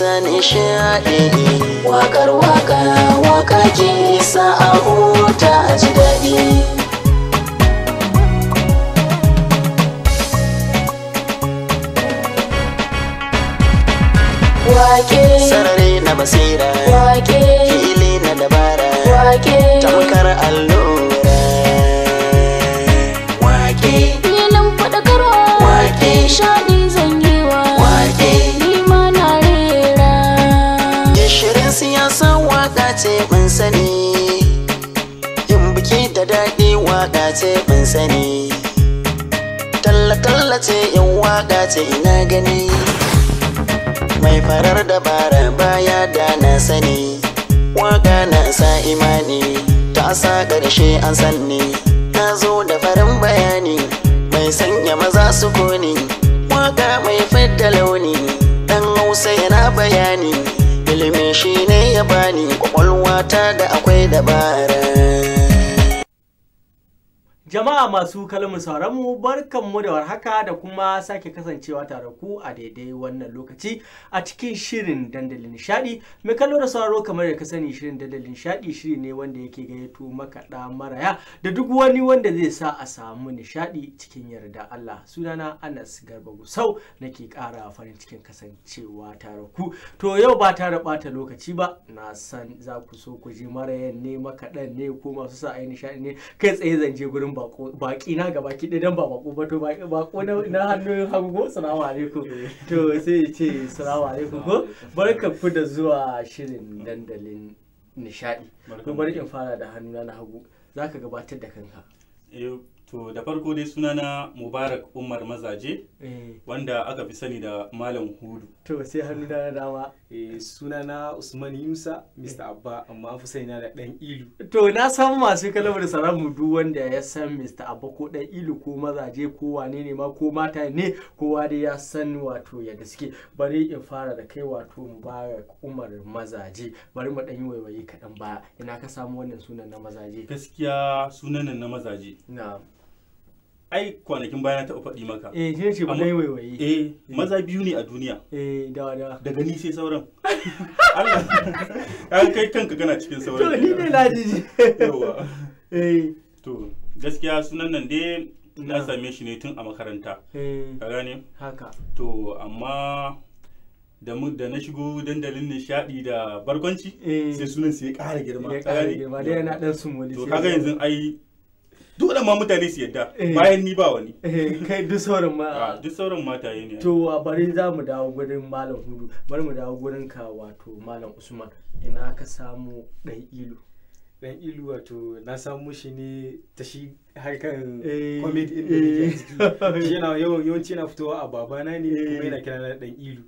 ta nishaɗi ne waƙar waƙa waƙa ke sa a huta a ji daɗi wake sarari na basira wake ce in sani talla-talla ce yan waka ce ina gani mai farar dabara baya da na sani waka na sa imani ta sa ƙarshe an sanni na zo da farin bayani mai sanya maza su koni waka mai fadda launi ɗan hausa yana bayani ilimi ne ya bani kwakwalwata da akwai dabara Jama'a masu kalmu sauranmu barkanmu da warhaka da kuma sake kasancewa tare ku a daidai wannan lokaci a cikin shirin dandalin nishadi. Mai kallo da sauraro kamar da ka sani shirin dandalin nishadi shiri ne wanda yake gayyato makaɗa maraya da duk wani wanda zai sa a samu nishadi cikin yarda Allah. Sunana Anas Garba Gusau nake ƙara farin cikin kasancewa tare ku. To yau ba tare ɓata lokaci ba na san za ku so ku ji marayan ne makaɗan ne ko masu sa a nishadi ne kai tsaye zanje gurin baki na ga baki dan ba bako ba to bako na hannun hango salamu alaikum to sai ce salamu alaikum ko barka da zuwa shirin dandalin nishadi ko bari in fara da hannuna na hagu zaka gabatar da kanka eh, To da farko dai sunana Mubarak Umar Mazaje eh. wanda aka fi sani da Malam Hudu. To sai hannu da dama. Eh, sunana Usman Yusa Mr. Abba amma an fi sani na da Dan Ilu. To na samu masu kalabar saramu duk wanda ya san Mr. Abba ko Dan Ilu ko Mazaje ko wane ne ma ko mata ne kowa dai ya san wato ya suke. Bari in fara da kai wato Mubarak Umar Mazaje. Bari mu dan yi waiwaye kaɗan baya. Ina ka samu wannan sunan na Mazaje. Gaskiya sunan na Mazaje. Na'am. ai kwanakin bayan ta faɗi maka eh shi ce ba dai waiwaye eh maza biyu ne a duniya eh da da daga ni sai sauran Allah an kai kanka kana cikin sauran to ni ne ji. yawa eh to gaskiya sunan nan dai na ah. same shi ne tun a makaranta eh. ka ne? haka to amma da mu da na shigo dandalin nishadi da barkwanci eh. sai sunan sai ya ƙara girma ya gane girma dai yana dan sumuli to kaga yanzu ai duk da ma mutane su yadda eh. bayan ni ba wani eh, kai duk sauran ma ah, duk sauran mataye ne to a bari za mu dawo gurin malam hudu bari mu dawo gurin ka wato malam usman ina ka samu dan ilu dan ilu wato na samu shi ne ta shi harkar eh. comedy din da yake yana yawanci yana fitowa a babana ne kuma yana kira na dan ilu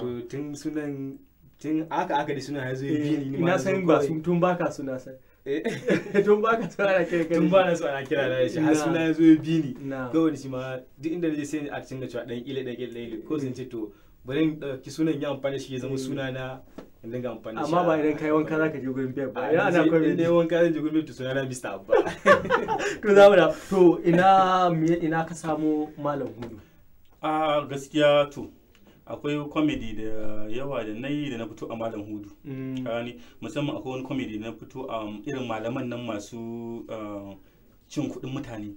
to tun sunan tun aka aka da suna ya zo ya bi ni na san ba sun tun baka suna san Eh, don ba ka so ana kira kai tun ba na so ana kira na shi har suna ya zo ya bi ni wani shi ma duk inda je sai a cin cewa dan ile dan ile dan ile ko sun ce to bari in ɗauki sunan ya amfani shi ya zama eh. suna na in dinga amfani amma ba idan kai wanka zaka je gurin biyar ba idan ana kwami ne wanka zan je gurin biyar to suna na Mr. Abba to za mu da to ina ina ka samu malam hudu a ah, gaskiya to akwai comedy da yawa da na yi da na fito a malam hudu mm. musamman akwai wani comedy da na fito a um, irin malaman nan masu uh, cin kuɗin mutane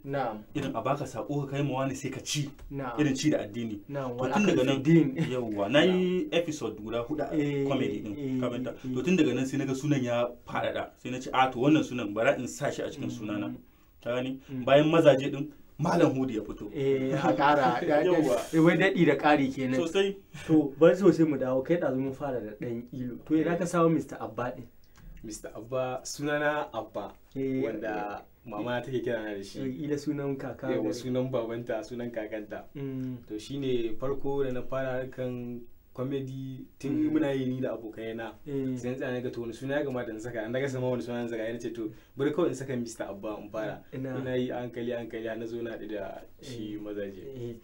irin a baka sako ka kai mawa ne sai ka ci irin ci da addini to tun daga nan yawwa na yi episode guda hudu a eh, comedy din eh, kamenta eh. to tun daga nan sai naga sunan ya faɗaɗa sai na ci a ah, to wannan sunan bara in sa shi a cikin mm. sunana ta mm. bayan mazaje din malam hudu ya fito eh a kara ya wai daɗi da ƙari kenan sosai to bari sosai mu dawo kai ɗazu mun fara da ɗan ilo to idan ka samu mr abba ɗin mr abba sunana abba eh, wanda eh, mama take kira na da shi eh, ila sunan kaka yawa sunan babanta sunan kakanta mm. to shine farko da na fara harkan comedy tun mm. muna yi ni da abokai na eh. sai tsaya ga to wani suna ya kamata in saka an daga sama wani suna saka yana ce to bari kawai in saka Mr. Abba in fara ina yi hankali hankali na zo na da shi eh. mazaje eh.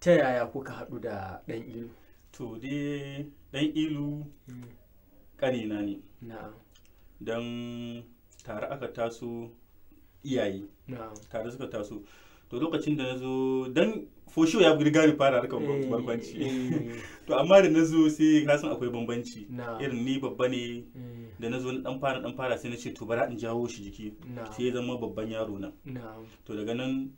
ta yaya kuka haɗu da ɗan ilu to dai ɗan ilu mm. na ne don tare aka taso iyaye tare suka taso to lokacin da na zo don fosho ya riga ni fara harkar eh. barkwanci eh. to amma da na sai na san akwai bambanci irin ni babba ne eh. da nazo zo na dan fara dan fara sai na ce to bara in jawo shi jiki sai ya zama babban yaro na. to daga nan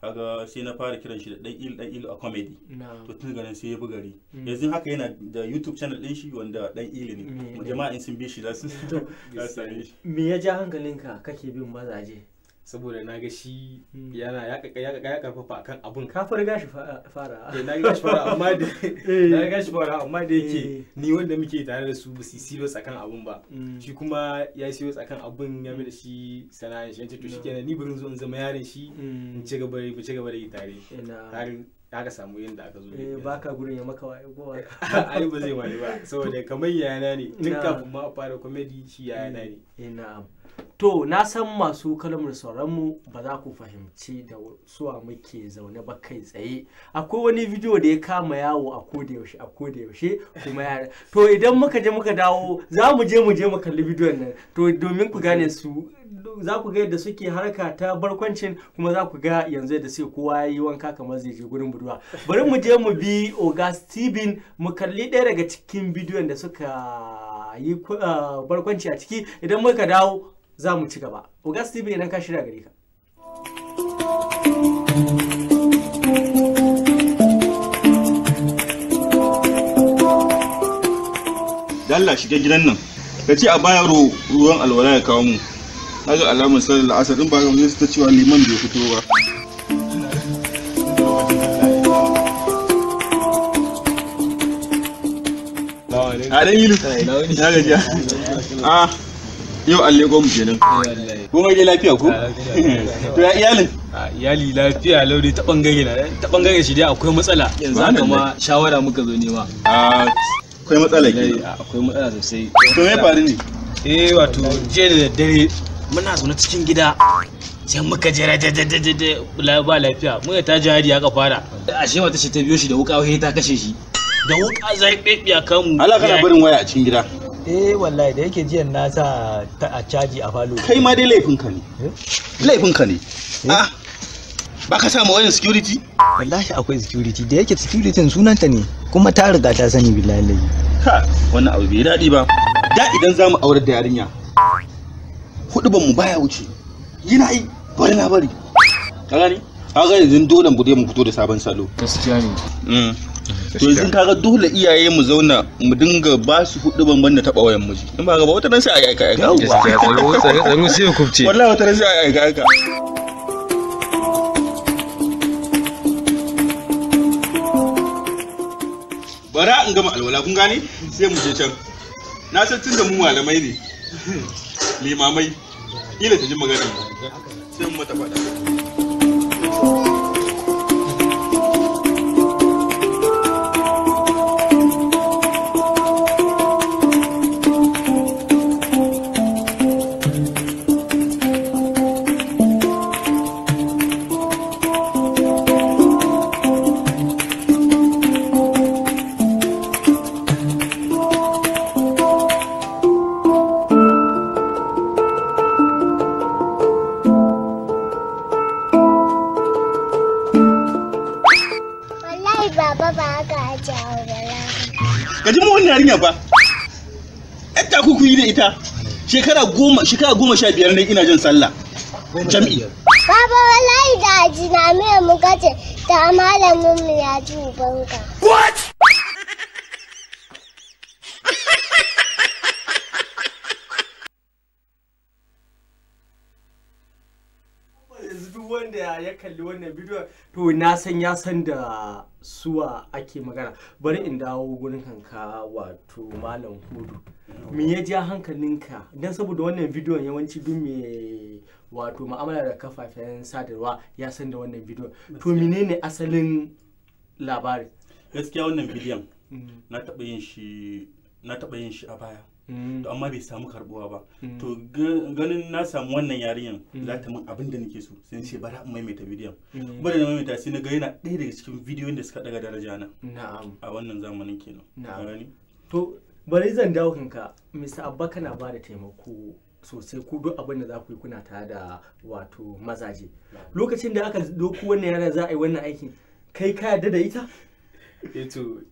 kaga sai na fara kiran shi da dan il dan il a comedy to tun daga nan sai ya bi gari mm. yanzu haka yana da youtube channel din shi wanda dan il ne jama'a in sun bi shi za su sani shi me ya ja hankalinka kake bin mazaje saboda na ga shi hmm. yana ya kaka ya kaka ya karfafa akan abun ka farga shi fara eh na ga shi fara amma da eh. na ga shi fara amma da yake eh. ni wanda muke tare da su ba su serious akan abun ba hmm. shi kuma ya serious akan abun ya mai da shi sana'ar shi to hmm. shikenan ni burin zo in zama yaron shi in ci gaba in ci gaba da tare har aka samu yadda aka zo eh baka gurin ya maka waye gowa ai ba zai waye ba saboda kamar yana ne tun kafin ma a fara comedy shi yana ne ina eh, to na san masu kalmar sauranmu ba za ku fahimci da suwa muke zaune ba kai tsaye akwai wani bidiyo da ya kama yawo a yaushe a yaushe kuma yara to idan muka je muka dawo za mu je mu je mu kalli bidiyon nan to domin ku gane su za ku ga yadda suke harka ta barkwancin kuma za ku ga yanzu yadda sai kowa ya yi wanka kamar zai je gurin budurwa bari mu je mu bi oga steven mu kalli ɗaya daga cikin bidiyon da suka yi eh, barkwanci a ciki idan muka dawo za mu ci gaba ugas tv idan ka shirya gare ka Dalla shiga gidan nan ka ce a baya ruwan alwala ya kawo mu na ga sallar la'asar in ba su ta cewa liman bai fito ba a dan yilu na gajiya a yau an ko mu kenan kun gaje lafiya ko to ya iyalin iyali lafiya lauri ta bangare na ta bangare shi dai akwai matsala yanzu haka ma shawara muka zo nema akwai matsala ke akwai matsala sosai to me faru ne eh wato je da daddare muna zaune cikin gida sai muka da ba lafiya mun ta jihadi aka fara ashe mata ce ta biyo shi da wuka ta kashe shi da wuka zai a kan mu. Allah kana barin waya a cikin gida eh wallahi da yake jiyan na sa ta a caji a falo kai ma dai laifin ka ne eh? laifin ka ne eh? a ah, ba ka sa ma wayan security wallahi akwai security da yake security sunanta ne kuma ta riga ta sani billahi ha wannan abu bai daɗi ba da idan za mu aurar da yarinya hudu ban mu baya wuce yana yi bari na bari ka gani ka gani yanzu dole mu dai mu fito da sabon salo gaskiya ne mm. to yanzu kaga dole iyaye mu zauna mu dinga ba su hudu banban da taba wayan miji in ba ga ba wata nan sai a yi aika aika tsaro sai kubce wallahi wata nan sai a yi aika aika bara in gama alwala kun gane sai mu je can na san tun da mu malamai ne limamai ila ta ji magana sai mu mata fada shekara goma sha biyar ne ina jin sallah jam'i baba wallahi da ajina mai mu gace ta malamin mu ya ji ubanka what wanda ya kalli wannan bidiyon to na san ya san da suwa ake magana bari in dawo gurin kanka wato malam hudu me ya ja hankalinka don saboda wannan bidiyon yawanci duk me wato ma'amala da kafafen sadarwa ya san da wannan bidiyon to menene asalin labarin gaskiya wannan bidiyon mm. na taɓa yin shi a baya Mm. to amma bai samu karbuwa ba mm. to ganin na samu wannan yarinyan mm. za ta min abin da nake so sai ce bara in maimaita bidiyon bari na maimaita sai na ga yana ɗaya daga cikin bidiyon da suka daga daraja na a wannan zamanin kenan na'am to bari zan dawo kanka Mr. Abba kana ba da taimako sosai ku duk abin da za ku yi kuna tare da wato mazaje lokacin da aka doku wannan yara za a yi wannan aikin kai ka yarda da ita eto eh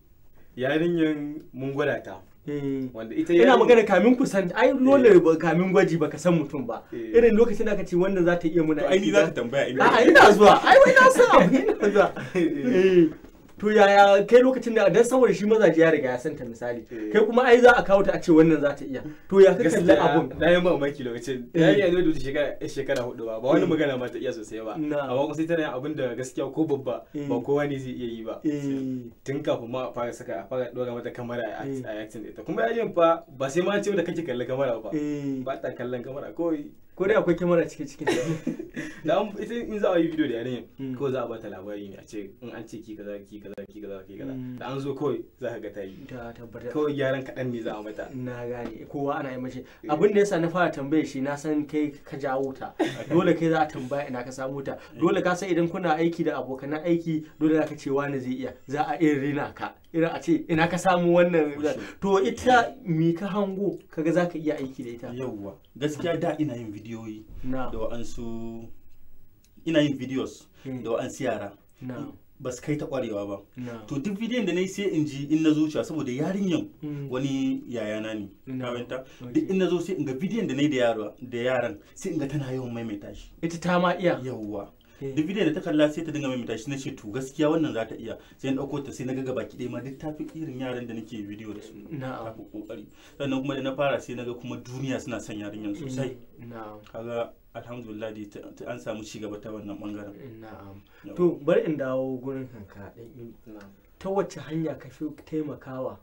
yarinyan mun gwada ta Eh. ina magana kamin ku san ai dole eh. ba kamin gwaji ba ka san mutum ba eh. irin lokacin da aka ce wannan za ta iya muna ai za ka tambaya ina zuwa ai wai na san ina zuwa to yaya kai lokacin da dan saboda shi mazaje ya riga ya santa misali eh. kai kuma ai za a kawo ta a ce wannan za ta iya to ya ka kalli abun na yi mamaki lokacin ya yi yanzu da shekara shekara hudu ba ba wani eh. magana ba ta iya sosai ba amma kuma sai tana yin abin da gaskiya ko babba eh. ba kowa ne zai iya yi ba tun kafin ma fara saka a fara dora mata kamera a acting ita kuma yayin fa ba sai ma ce mata kake kalli kamera ba ba ta kallon kamera kawai ko dai akwai kyamara cikin cikin da an ita in za a yi video da yarinya hmm. ko za a bata labari ne a ce in an ce ki kaza ki kaza ki kaza ki kaza hmm. da an zo kawai za ka ga ta yi ta kawai gyaran kaɗan ne za a mata na gane kowa ana yi mace eh. abin da yasa na fara tambaye shi na san kai ka jawo ta dole kai za a tambaya ina ka samu ta dole ka san idan kuna aiki da abokan aiki dole za ka ce wani zai iya za a iya rina ka irin a ce ina ka samu wannan to ita mi ka hango kaga zaka iya aiki da ita yawwa gaskiya da ina yin bidiyoyi da wa'ansu ina yin videos hmm. da wa'ansu yara ba su kai ta kwarewa ba to duk bidiyon da na yi sai in ji in na zuciya saboda yarinyan hmm. wani yayana ne duk in na zo sai in ga bidiyon da na yi da yaran sai in ga tana yawan maimaita shi ita ta ma iya yawwa Eh. duk bidiyon da ta kalla sai ta dinga maimaita shi na ce to gaskiya wannan za ta iya sai na ɗauko ta sai na ga gaba ɗaya ma duk ta fi irin yaran da nake bidiyo da su Na fi kokari sannan kuma da na fara sai na ga kuma duniya suna son yarinyar sosai eh, kaga alhamdulillah dai an samu ci gaba ta wannan bangaren eh, na to bari in dawo gurin kanka ta wacce hanya ka fi taimakawa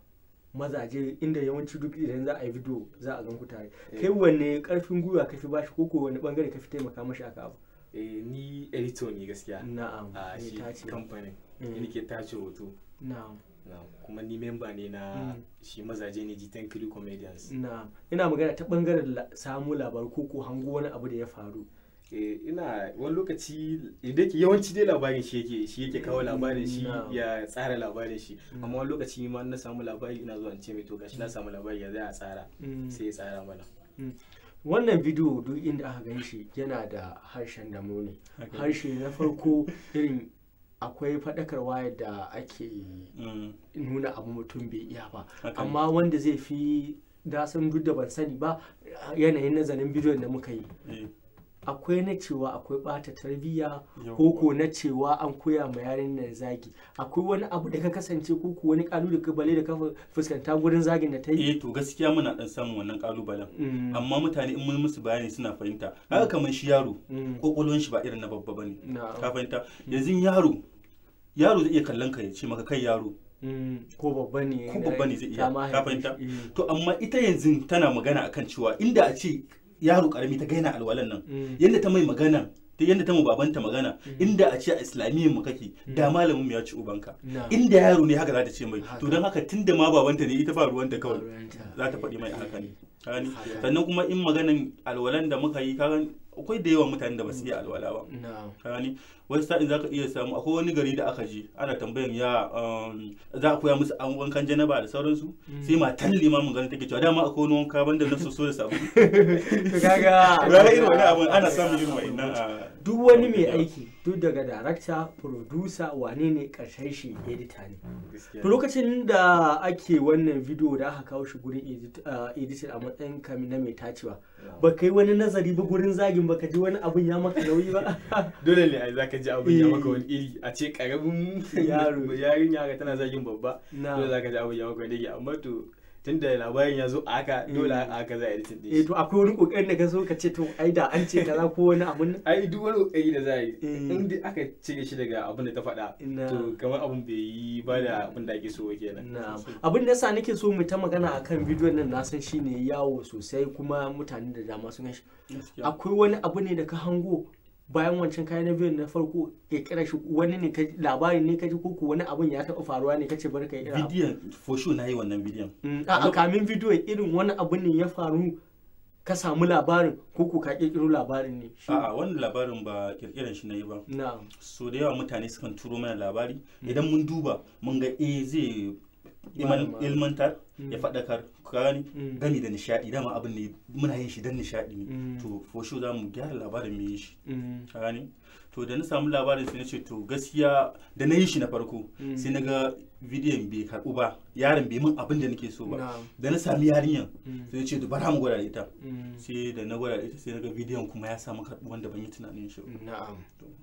mazaje inda yawanci duk idan za a yi bidiyo za a ganku tare kai wanne karfin gwiwa ka fi bashi ko wani bangare ka fi taimaka mashi aka abu Eh, ni editor ne gaskiya na'am a ah, shi kamfanin mm. ni ke tace hoto na'am kuma ni memba ne na mm. shi mazaje ne jitan kiri comedians na'am ina magana ta bangaren samu labaru ko ko hango wani abu da ya faru eh, ina wani lokaci idan ke yawanci dai labarin shi yake shi yake kawo labarin shi ya tsara labarin shi mm. amma wani lokaci ma na samu labari ina zuwa in ce mai to gashi na samu labari ya zai a tsara sai ya tsara mana wannan bidiyo duk inda aka gan shi yana da harshen damo ne harshe na farko irin akwai faɗakarwa da ake mm. nuna abu mutum bai iya ba amma wanda zai fi dasan duk da ban sani ba yanayin nazarin bidiyon da muka yi eh. akwai na cewa akwai bata tarbiyya ko na cewa an koya ma yarinyar zagi akwai wani abu da ka kasance ko ko wani kalubale da bale da ka fuskanta gurin zagin da ta yi eh to gaskiya muna dan samun wannan kalubalen mm. amma mutane in mun musu bayani suna fahimta haka mm. kamar shi yaro kokolon mm. shi ba irin na babba bane ka fahimta yanzu yaro yaro zai iya kallon ka ya ce maka kai yaro ko babba ne ko babba ne zai iya ka fahimta to amma ita yanzu tana magana akan cewa inda a ce yaro karami ta gaina alwalan nan mm. yadda ta mai magana ta yadda ta mu babanta magana mm. inda a ce a islamiyyar mu kake da mm. malamin mu ya ci ubanka inda yaro ne haka za ta ce mai to don haka tunda ma babanta ne ita ba ruwanta kawai za ta faɗi mai haka ne sannan kuma in maganan alwalan da muka yi kagan akwai da yawan mutane da ba su yi alwala ba wani sa'in ka iya samu akwai wani gari da aka je ana tambayan ya um, za a koya musu an wankan janaba da sauransu mm. sai matan limamin ganin take cewa dama akwai wani wanka banda na soso da sabu kaga ranar irin wani abun ana samun irin wa'annan duk wani mai aiki duk daga director producer wane ne karshen shi edita ne to lokacin da ake wannan video da aka kawo shi gurin editor a matsayin kami na mai tacewa ba kai wani nazari ba gurin zagin ba ka ji wani abun ya maka nauyi ba dole ne a zaka ka ji abin ya maka wani eh. iri a ce karamin yaro yarin ka tana zagin babba dole za ka ji abin ya maka wani iri amma to tun da labarin ya zo a haka eh. dole a haka za a yi din eh, shi. to akwai wani kokarin da ka so ka ce to ai da an ce kaza ko wani abun nan. ai duk wani kokari da za a yi in dai aka cire shi daga abin da ta faɗa to kamar abin bai yi ba da abin da ake so kenan. abin da yasa nake so mu ta magana akan bidiyon nan na san shine yawo sosai kuma mutane da dama sun shi. akwai wani abu ne da ka hango bayan wancan kayan na biyun na farko ya kira shi wani ne labarin ne kaji koko wani abun ya taɓa faruwa ne kace bari ka yi. bidiyon for sure na yi wannan bidiyon mm. a kamin bidiyon irin wani abun ne ya faru ka samu labarin koko ka kirkiro labarin ne a'a wannan labarin ba kirkiran shi na yi ba na so da yawa mutane sukan turo mana labari mm. idan mun duba mun ga eh zai ilmantar Mm. ya faɗakar ka gani mm. gani da nishadi dama abin ne muna yin shi dan nishadi ne mm. to for sure za mu gyara labarin mu yi shi gani to da na samu labarin sai na ce to gaskiya da na yi shi na farko sai na ga bidiyon bai karɓu ba yaron bai min abin da nake so ba da na sami yarinyar sai ce to bara mu gwada ita sai da na gwada ita sai na ga bidiyon kuma ya samu karɓu wanda ban yi tunanin shi na'am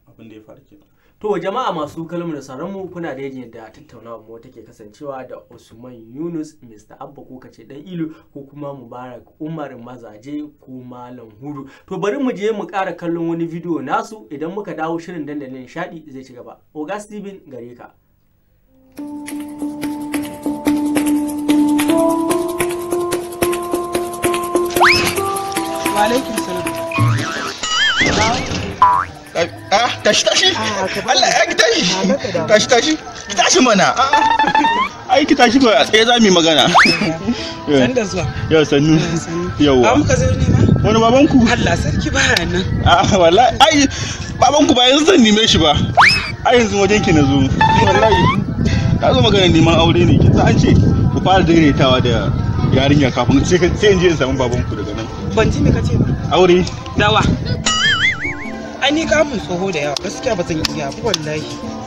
abin da ya faru kenan to jama'a masu kalmar sauran mu kuna da yadda tattaunawa mu take kasancewa da Usman Yunus Mr Mr. Abba ko ka ce dan Ilu ko kuma Mubarak Umar Mazaje ko Malam Hudu. To bari mu je mu ƙara kallon wani bidiyo nasu idan muka dawo shirin dandalin nishaɗi zai ci gaba. steven gare ka. Walaikum ah, Tashi tashi. Ah, Allah ya ki tashi. Tashi tashi. Ki tashi mana. Ah, Aiki ta tashi a tsaye za mu yi magana san zuwa yau sannu yawa ba ka zo ne wani baban ku Allah sarki ba nan a ah, wallahi ai baban ku ba yanzu zan nime shi ba ai yanzu wajen ki na zo wallahi ta zo magana neman aure ne kin an ce ku fara daidaitawa da yarinya kafin sai in je in samu baban ku daga nan ban ji me ce ba aure dawa ai ni kamun tsoho da yawa gaskiya ba zan iya ba wallahi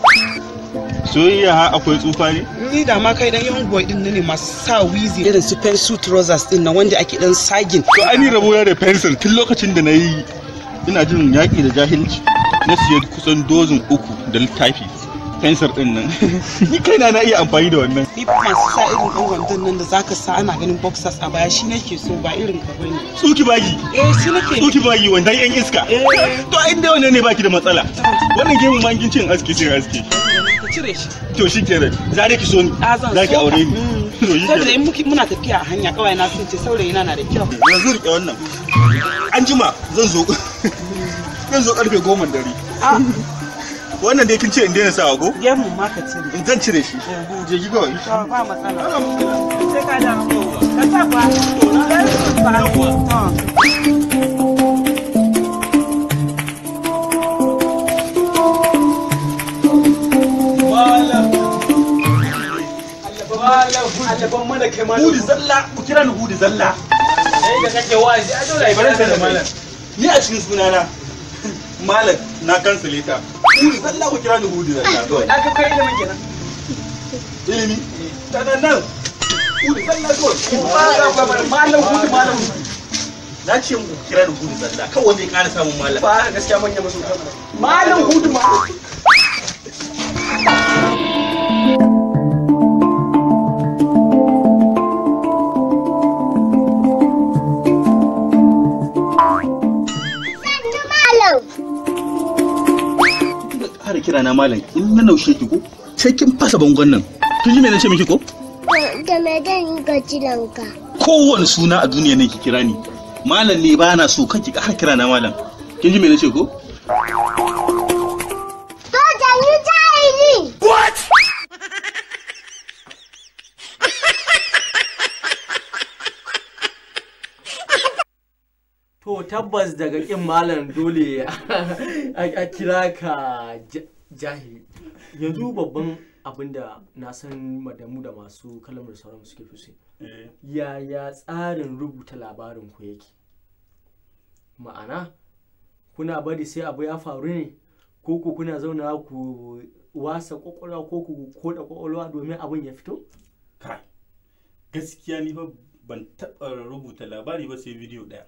soyayya ha akwai tsufa ne ni da ma kai dan yan boy din ne masu sa wizi irin su pencil trousers din na wanda ake dan sagin to an yi rabo da pencil tun lokacin da na yi ina jin yaƙi da jahilci na siya kusan dozin uku da littafi dispenser din nan ni kaina na iya amfani da wannan ni ba masu sa irin ɗan wandon nan da zaka sa ana ganin boxers a baya shi nake so ba irin ka bane tsuki bagi eh shi nake tsuki bagi wanda yan iska eh. to ai da wannan ne baki da matsala wannan game ma gincin cin aski cin aski cire shi to shi kenan zare ki so ni ah, za ki aure ni hmm. saboda in muki muna tafiya a hanya kawai na sun ce saurayi na da kyau yanzu rike wannan an jima zan zo zan zo karfe goma dare ah. wannan dai kin ce in daina sawa go gemun ma cire in eh, zan cire shi eh, je ki kawai ba matsala ah. sai ka da ka ta ba Alaban mana kai malam. zalla, ku kira ni hudi zalla. Sai da kake wa'azi, a dole ai bari da malam. Ni a cikin sunana. Malam na kansule ta. hudi Allah ku kira ni hudi zan ta kawai aka kai ilimi ta nan nan sallah malam malam na ce mu kira ni hudi sallah kawai ya samun malam ba gaskiya manya malam malam kira na malam in na naushe ki ko sai kin fasa bangon nan kin ji me na ce miki ko da me dan ga jiranka kowane suna a duniya nan ki kira ni malam ne ba na so ki har kira na malam kin ji me na ce ko To tabbas daga kin malam dole a kira ka jahili yanzu babban abin da na san madamu da masu kalmar sauran suke fi eh. yaya tsarin rubuta labarin ku yake ma'ana kuna bari sai abu ya faru ne ko ku kuna zauna ku wasa kwakwalwa ko ku koda kwakwalwa domin abin ya fito kai gaskiya ni ban taɓa rubuta labari ba sai bidiyo ɗaya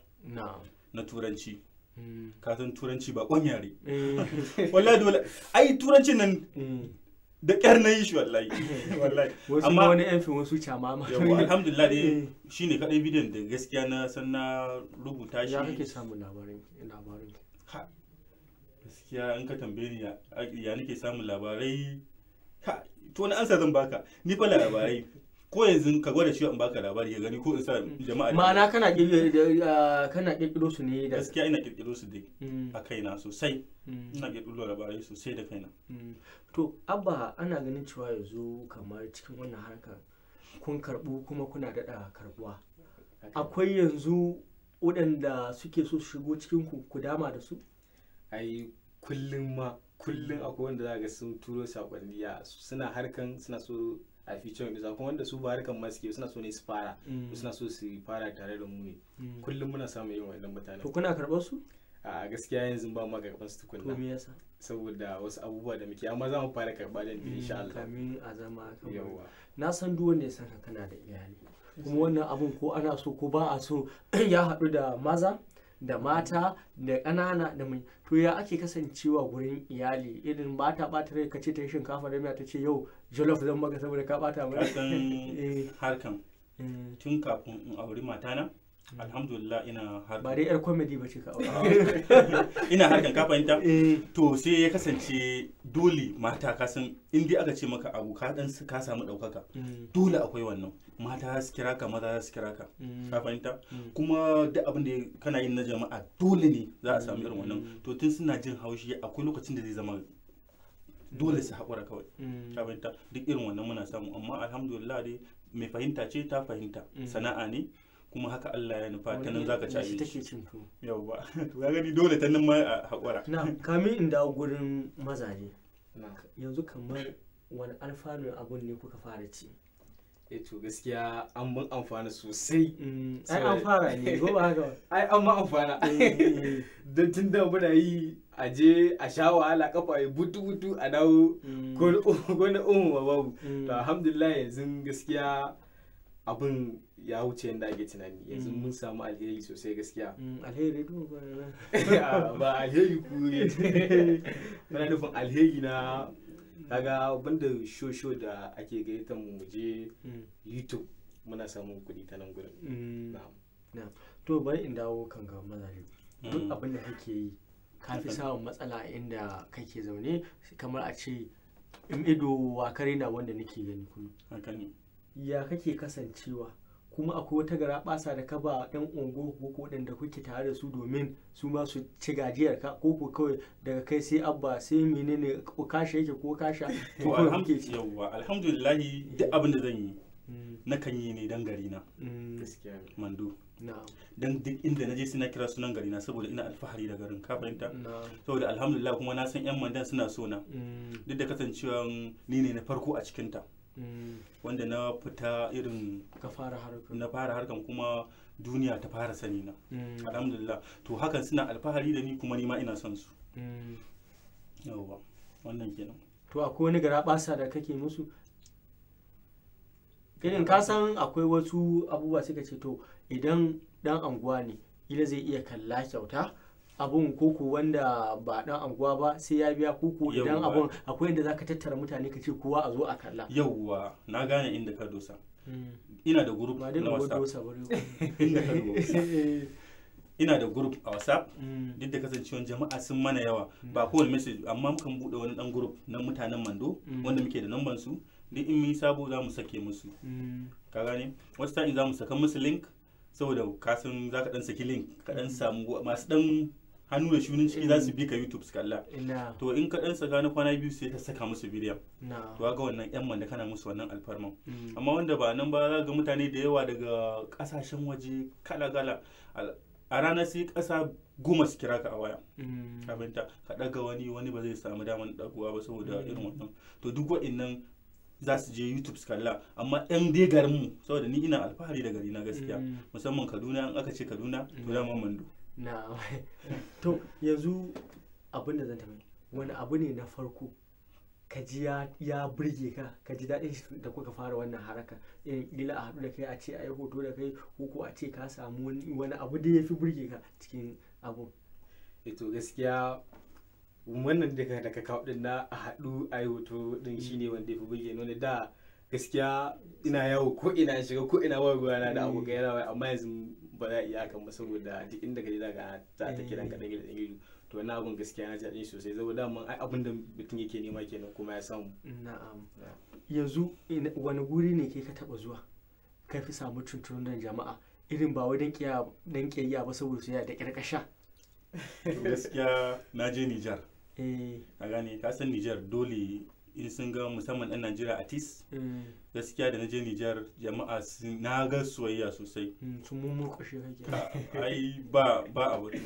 na turanci Eh. ka san turanci ba kon yare eh. wallahi dole ai turancin nan eh. da kyar na yi shi wallahi wallahi amma wani yan fi wasu cama ma yawa alhamdulillah dai shine kadai bidiyon da gaskiya na san na rubuta shi ya kake samun labarin labarin ha gaskiya in ka tambaye ni ya nake samun labarai ha to wani ansa zan baka ni fa labarai ko yanzu ka gwada shi in baka labari ya gani ko in sa jama'a ma'ana kana eh, kana kirkiro su ne da gaskiya ina kirkiro su dai mm. a kaina sosai mm. ina kirkiro labarai sosai da kaina mm. to abba ana ganin cewa yanzu kamar cikin wannan harkar kun karbu kuma kuna dada karbuwa akwai yanzu waɗanda suke so su shigo cikin ku ku dama da su ai kullum ma kullum akwai wanda za ga sun turo sakonni suna harkan suna so a cewa visa kuma wanda su ba harkan ma suke suna so ne su fara mm. suna so su fara tare da mu ne mm. kullum muna samun irin wannan mutane to kuna karɓar su a gaskiya yanzu ba ma karɓar su tukunna to me yasa saboda wasu abubuwa da muke amma za mu fara karɓa da ni insha Allah mm, kamin a zama yawa na san duk wanda ya san kana da iyali kuma wannan abun ko ana so ko ba a so ya haɗu da maza da mata da ƙanana da mai to ya ake kasancewa gurin iyali irin ba ta ɓata rai ka ce ta yi shinkafa da miya ta ce yau jollof zan maka saboda ka ɓata mai kasan eh. harkan eh. tun kafin in auri matana mm. alhamdulillah ina harkan ba dai yar comedy ba ce ka aure ina harkan ka fahimta eh. to sai ya kasance dole mata ka san in dai aka ce maka abu ka dan ka samu ɗaukaka mm. dole akwai wannan mata su kira ka maza su kira ka mm. ka fahimta mm. kuma duk abin da kana yin na jama'a dole ne za a samu irin mm. wannan to tun suna jin haushi akwai lokacin da zai zama dole su haƙura kawai ka fahimta duk irin wannan muna samu amma alhamdulillah dai mai fahimta ce ta fahimta sana'a ne kuma haka Allah ya nufa ta nan zaka ci cin shi yawwa to ga gani dole ta nan ma a haƙura na kamin in dawo gurin mazaje yanzu kamar wani alfanu abun ne kuka fara ci eh to gaskiya an mun amfana sosai mm, ai an fara ne ko ba haka ai an mun amfana eh. don tun da muna yi a je a sha wahala kafa ya butu butu a dawo mm. ko na umu ba babu mm. to alhamdulillah yanzu gaskiya abin ya wuce yadda ake tunani yanzu mun samu alheri sosai gaskiya alheri ba ba alheri ku muna nufin alheri na kaga banda shosho da ake gaita mu je hmm. youtube muna samun kuɗi ta nan gurin hmm. to bari in dawo kan ga mazari duk hmm. abin da kake yi ka fi samun matsala inda kake zaune kamar a ce in ido wa na wanda nake gani kullum ya kake kasancewa kuma akwai wata gara basa da ka ba yan ungo ko waɗanda kuke tare da su domin su ma su ci gajiyar ka ko ko kawai daga kai sai abba sai menene ko kasha yake ko kasha to alhamdulillah alhamdulillah duk abin da zan yi mm. na kan yi ne dan gari na mm. mando dan duk inda na je suna kira sunan gari na saboda ina alfahari da garin ka fahimta saboda alhamdulillah kuma na san yan mandan suna so na mm. duk da kasancewa ni ne na farko a cikin ta wanda na fita irin ka na fara harkan kuma duniya ta fara sani na alhamdulillah to hakan suna alfahari da ni kuma ni ma ina son su yawwa wannan kenan to akwai wani gara garabasa da kake musu irin ka san akwai wasu abubuwa suka ce to idan dan anguwa ne ila zai iya kalla kyauta abun kuku wanda ba dan anguwa ba sai ya biya kuku idan abun akwai yadda zaka tattara mutane ka ce kowa a zo a kalla yauwa na gane inda ka dosa hmm. ina da group na whatsapp inda ka dosa ina da group a whatsapp hmm. duk da kasancewar jama'a sun mana yawa hmm. ba wani message amma mukan bude wani dan group na mutanen mando wanda muke da number su duk in mun sabo za mu sake musu ka gane wasu ta'in za mu saka musu link saboda kasan zaka dan saki link ka dan samu masu dan hannu da shunin ciki za su bi ka youtube su kalla to in ka dan saka na kwana biyu sai ka saka musu bidiyo to ga wannan yan man da kana musu wannan alfarman mm. amma wanda ba nan ba za ga mutane da yawa daga kasashen waje kala kala a ranar sai kasa goma su kira ka a waya mm. abinta ka ɗaga wani wani ba zai samu damar ɗaguwa ba saboda mm. irin wannan to duk wa'annan za su je youtube su kalla amma yan dai mu saboda ni ina alfahari da gari na gaskiya musamman kaduna in aka ce kaduna to dama mando na to yanzu abin da zan tafi wani abu ne na farko ka ji ya burge ka ka ji daɗin shi da kuka fara wannan haraka irin eh, ƙila a haɗu da kai a ce a yi hoto da kai ko ko a ce ka samu wani abu da ya fi burge ka cikin abu eh to gaskiya wannan daga da ka kawo din na a haɗu a yi hoto din shine wanda ya fi burge ni da gaskiya ina yawo ko ina shiga ko ina wa ruwa na da eh. abokan yana amma yanzu ba za iya kan ba saboda duk inda ka je ta ta eh. kiran ka dangin da dangin to wani abun gaskiya na jaɗin sosai saboda daman ai abin da mutum yake nema kenan kuma ya samu na'am yanzu wani guri ne ke ka taɓa zuwa ka fi samu tuntunan jama'a irin ba wai dan kiyayya ba saboda su yana da kirkasha gaskiya na je Nijar eh. a gane ka san Nijar dole in sun ga musamman ɗan najeriya artist mm. gaskiya da na je nijar jama'a na ga soyayya sosai mm, sun mummurkushe kake ai ba ba a wuri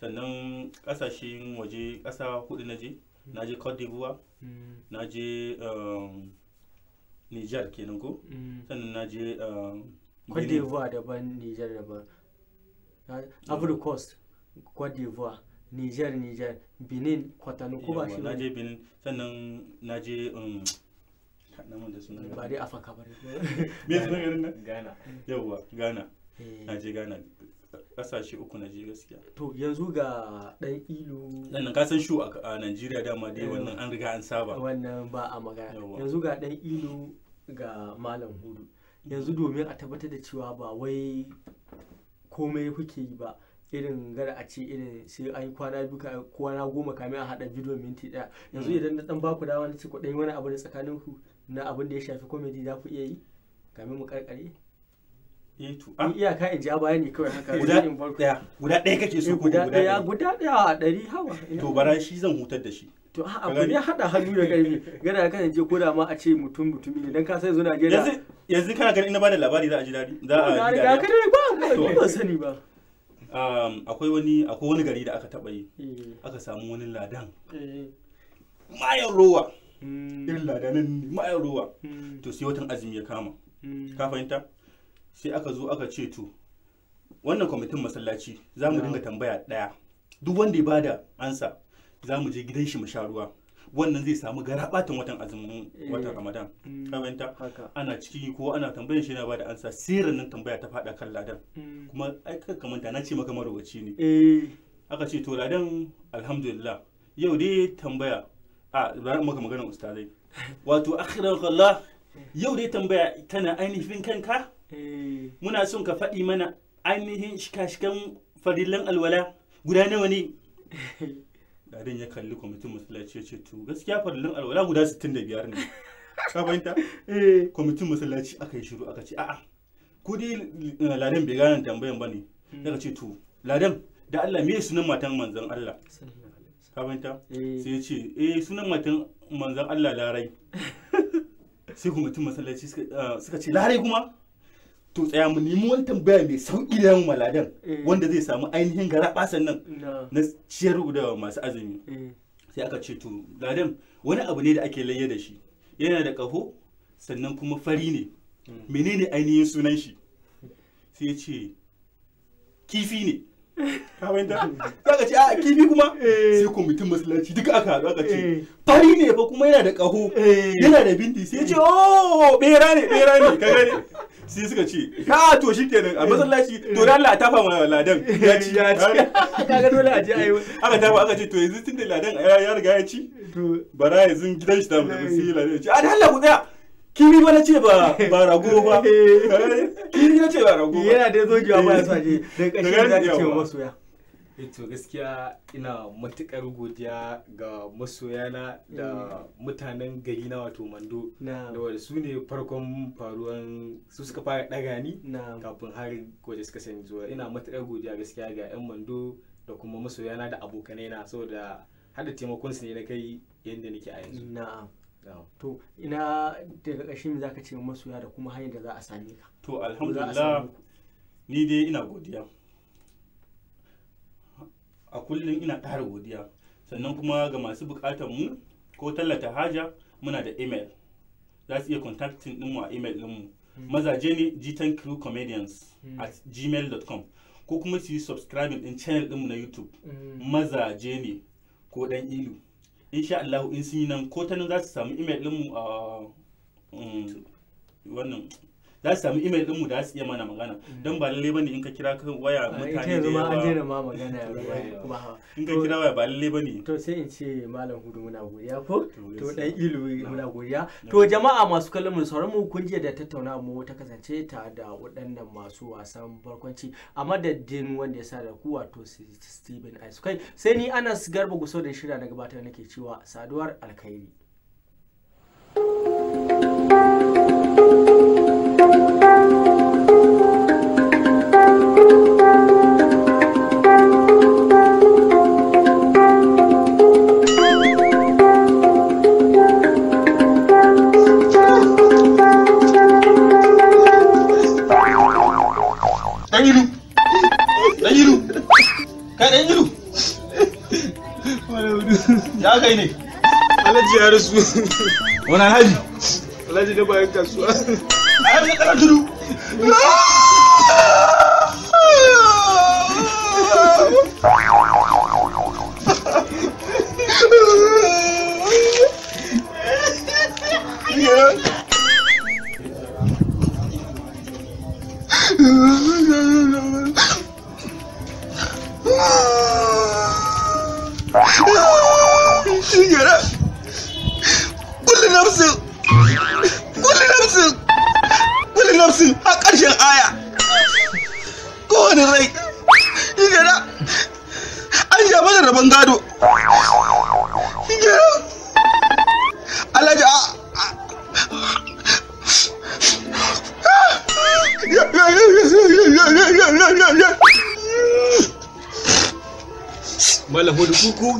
sannan ƙasashen waje ƙasa hudu na je mm. na je cote d'ivoire na je um, nijar kenan ko sannan na je um, cote d'ivoire daban nijar daban ivory coast cote d'ivoire niger niger benin kwatano ko ba shi ba je benin sannan na je um, namun da suna ba dai afaka ba me suna garin nan ghana yawwa ghana eh. na je ghana kasashe uku na je gaskiya to yanzu ga dan ilu sannan ka san shu a nigeria dama dai wannan an riga an saba wannan ba a magana yanzu ga dan ilu ga malam hudu yanzu domin a tabbatar da cewa ba wai komai kuke yi ba irin gada a ce irin sai an yi kwana biyu ka kwana goma kamin a haɗa bidiyo minti ɗaya yanzu idan na ɗan baku dawa na ce ku wani abu da tsakanin ku na abin da ya shafi komedi za ku iya yi kamin mu karkare eh to an ah. ka in ja baya ne kawai haka guda in ɗaya guda ɗaya kake so guda ɗaya guda ɗaya a ɗari hawa to bara shi zan hutar da shi to a abu ne haɗa hannu da ƙarfi gana kan je ko da ma a ce mutum mutumi ne dan ka sai zo Najeriya yanzu yanzu kana ganin ina ba da labari za a ji daɗi za a ji daɗi ka dai ba ba sani ba Um, akwai wani akwai wani gari da aka taba yi eh. aka samu wani ladan eh. mayan rowa hmm. irin ladanan mayan rowa hmm. to sai watan azumi ya kama hmm. ka fahimta sai aka zo aka ce to wannan kwamitin masallaci za mu dinga tambaya daya duk wanda ya bada ansa za mu je gidan shi mu sha ruwa wannan zai samu garabatin watan azumin watan eh. ramadan kamenta mm. ana ciki ko ana tambayar shi na bada ansa sirrin nan tambaya ta fada kan ladan mm. kuma ai ka kamanta na ce maka marubuci ne eh. aka ce to ladan alhamdulillah yau dai tambaya a bari maka magana ustazai wato Allah yau dai tambaya tana ainihin kanka eh. muna son ka faɗi mana ainihin shika-shikan farillan alwala guda nawa ne garin ya kalli kwamitin masallaci ya ce to gaskiya farillin alwala guda 65 ne ka fahimta eh kwamitin masallaci aka yi shiru aka ce a'a ku dai eh, laden bai gane tambayan bane daga hmm. ce to laden da Allah me sunan matan manzon Allah ka fahimta eh. sai ya ce eh sunan matan manzon Allah larai sai kwamitin masallaci suka eh, ce larai kuma to tsaya mu nemi wani tambaya mai sauƙi da yan maladan eh. wanda zai samu ainihin gara garaɓasan nan na ciyar da masu azumi eh. sai aka ce to ladan wani abu ne da ake layya da shi yana da ƙaho sannan kuma fari ne hmm. menene ainihin sunan shi sai ya ce kifi ne zaka ce a kifi kuma eh. sai kwamitin masallaci duka aka haɗu aka ce fari ne fa kuma yana da ƙaho yana da bindi sai ce oh bera ne bera ne ka gane sai suka ce ka to shi kenan a masallaci to da Allah a tafa ma ladan ya ci ya ci kaga dole a ji ayi aka tafa aka ce to yanzu tunda ladan ya riga ya ci bara yanzu gidan shi ta mu sai ladan ya ci, a da Allah ku tsaya kiri ba na ce ba ba rago ba eh. eh, kiri na ce ba rago ba yana da zogewa ba ya saje Da kashi za ka ce masoya Eh, to gaskiya ina matukar godiya ga masoyana da mm. mutanen gari na wato mando da wadda su ne farkon faruwan su suka fara daga ni kafin har waje suka sani zuwa ina matukar godiya gaskiya ga 'yan mando da kuma masoyana da abokanai na saboda hada taimakon su ne na kai yadda nake a yanzu to ina daga ƙarshen ka ce masoya da kuma hanyar da za a same ka to alhamdulillah ni dai ina godiya a kullum ina ƙara godiya sannan kuma ga masu buƙatar mu ko tallata haja muna da email za su iya contacting mu a email ɗinmu hmm. mazaje ne g crew comedians hmm. at gmail.com ko kuma su yi subscribing din channel mu na youtube hmm. mazaje ne ko dan ilu insha Allah in sun yi nan ko ta nan za su samu email mu a mm, wannan za su samu email dinmu da su iya mana magana mm. don ba lalle bane in ka kira kan waya mutane da yawa an daina ma magana kuma in ka kira waya ba lalle bane to sai in ce malam hudu muna godiya ko to dan ilu muna godiya to jama'a masu kallon mu sauran mu kun da tattauna mu ta kasance ta da waɗannan masu wasan barkwanci a madadin wanda ya sa da ku wato Stephen Ice kai sai ni Anas Garba Gusau da shirya na gabatar nake cewa saduwar alkhairi ya kai ne alhaji ya rasu wani alhaji alhaji da bayan kasuwa alhaji da tudu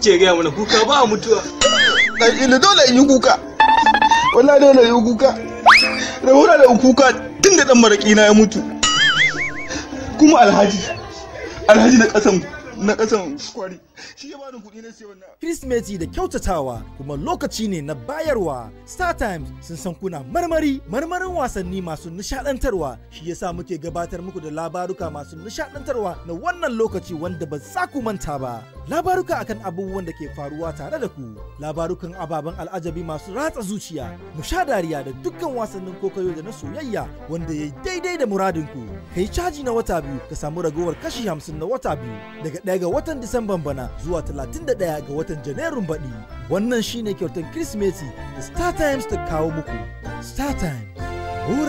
kuke gaya mana kuka ba mutuwa dan ina dole in yi kuka Wala dole in yi kuka rahura da kuka tun da ɗan maraki na ya mutu kuma alhaji alhaji na kasan na kasan kwari shi ya bani kudi na siya wannan Kirsimeti da kyautatawa kuma lokaci ne na bayarwa Star Times sun san kuna marmari marmarin wasanni masu nishadantarwa shi yasa muke gabatar muku da labaruka masu nishadantarwa na wannan lokaci wanda ba za ku manta ba labaruka akan abubuwan da ke faruwa tare da ku labarukan ababen al'ajabi masu ratsa zuciya dariya da dukkan wasannin kokayo da na soyayya wanda ya daidai da muradinku kai caji na wata biyu ka samu ragowar kashi hamsin na wata biyu daga 31 ga watan Disamban bana zuwa 31 ga watan Janairun baɗi. Wannan shine kyautar Kirsimeti da Star Times ta kawo muku. Star Times,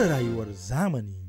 rayuwar zamani.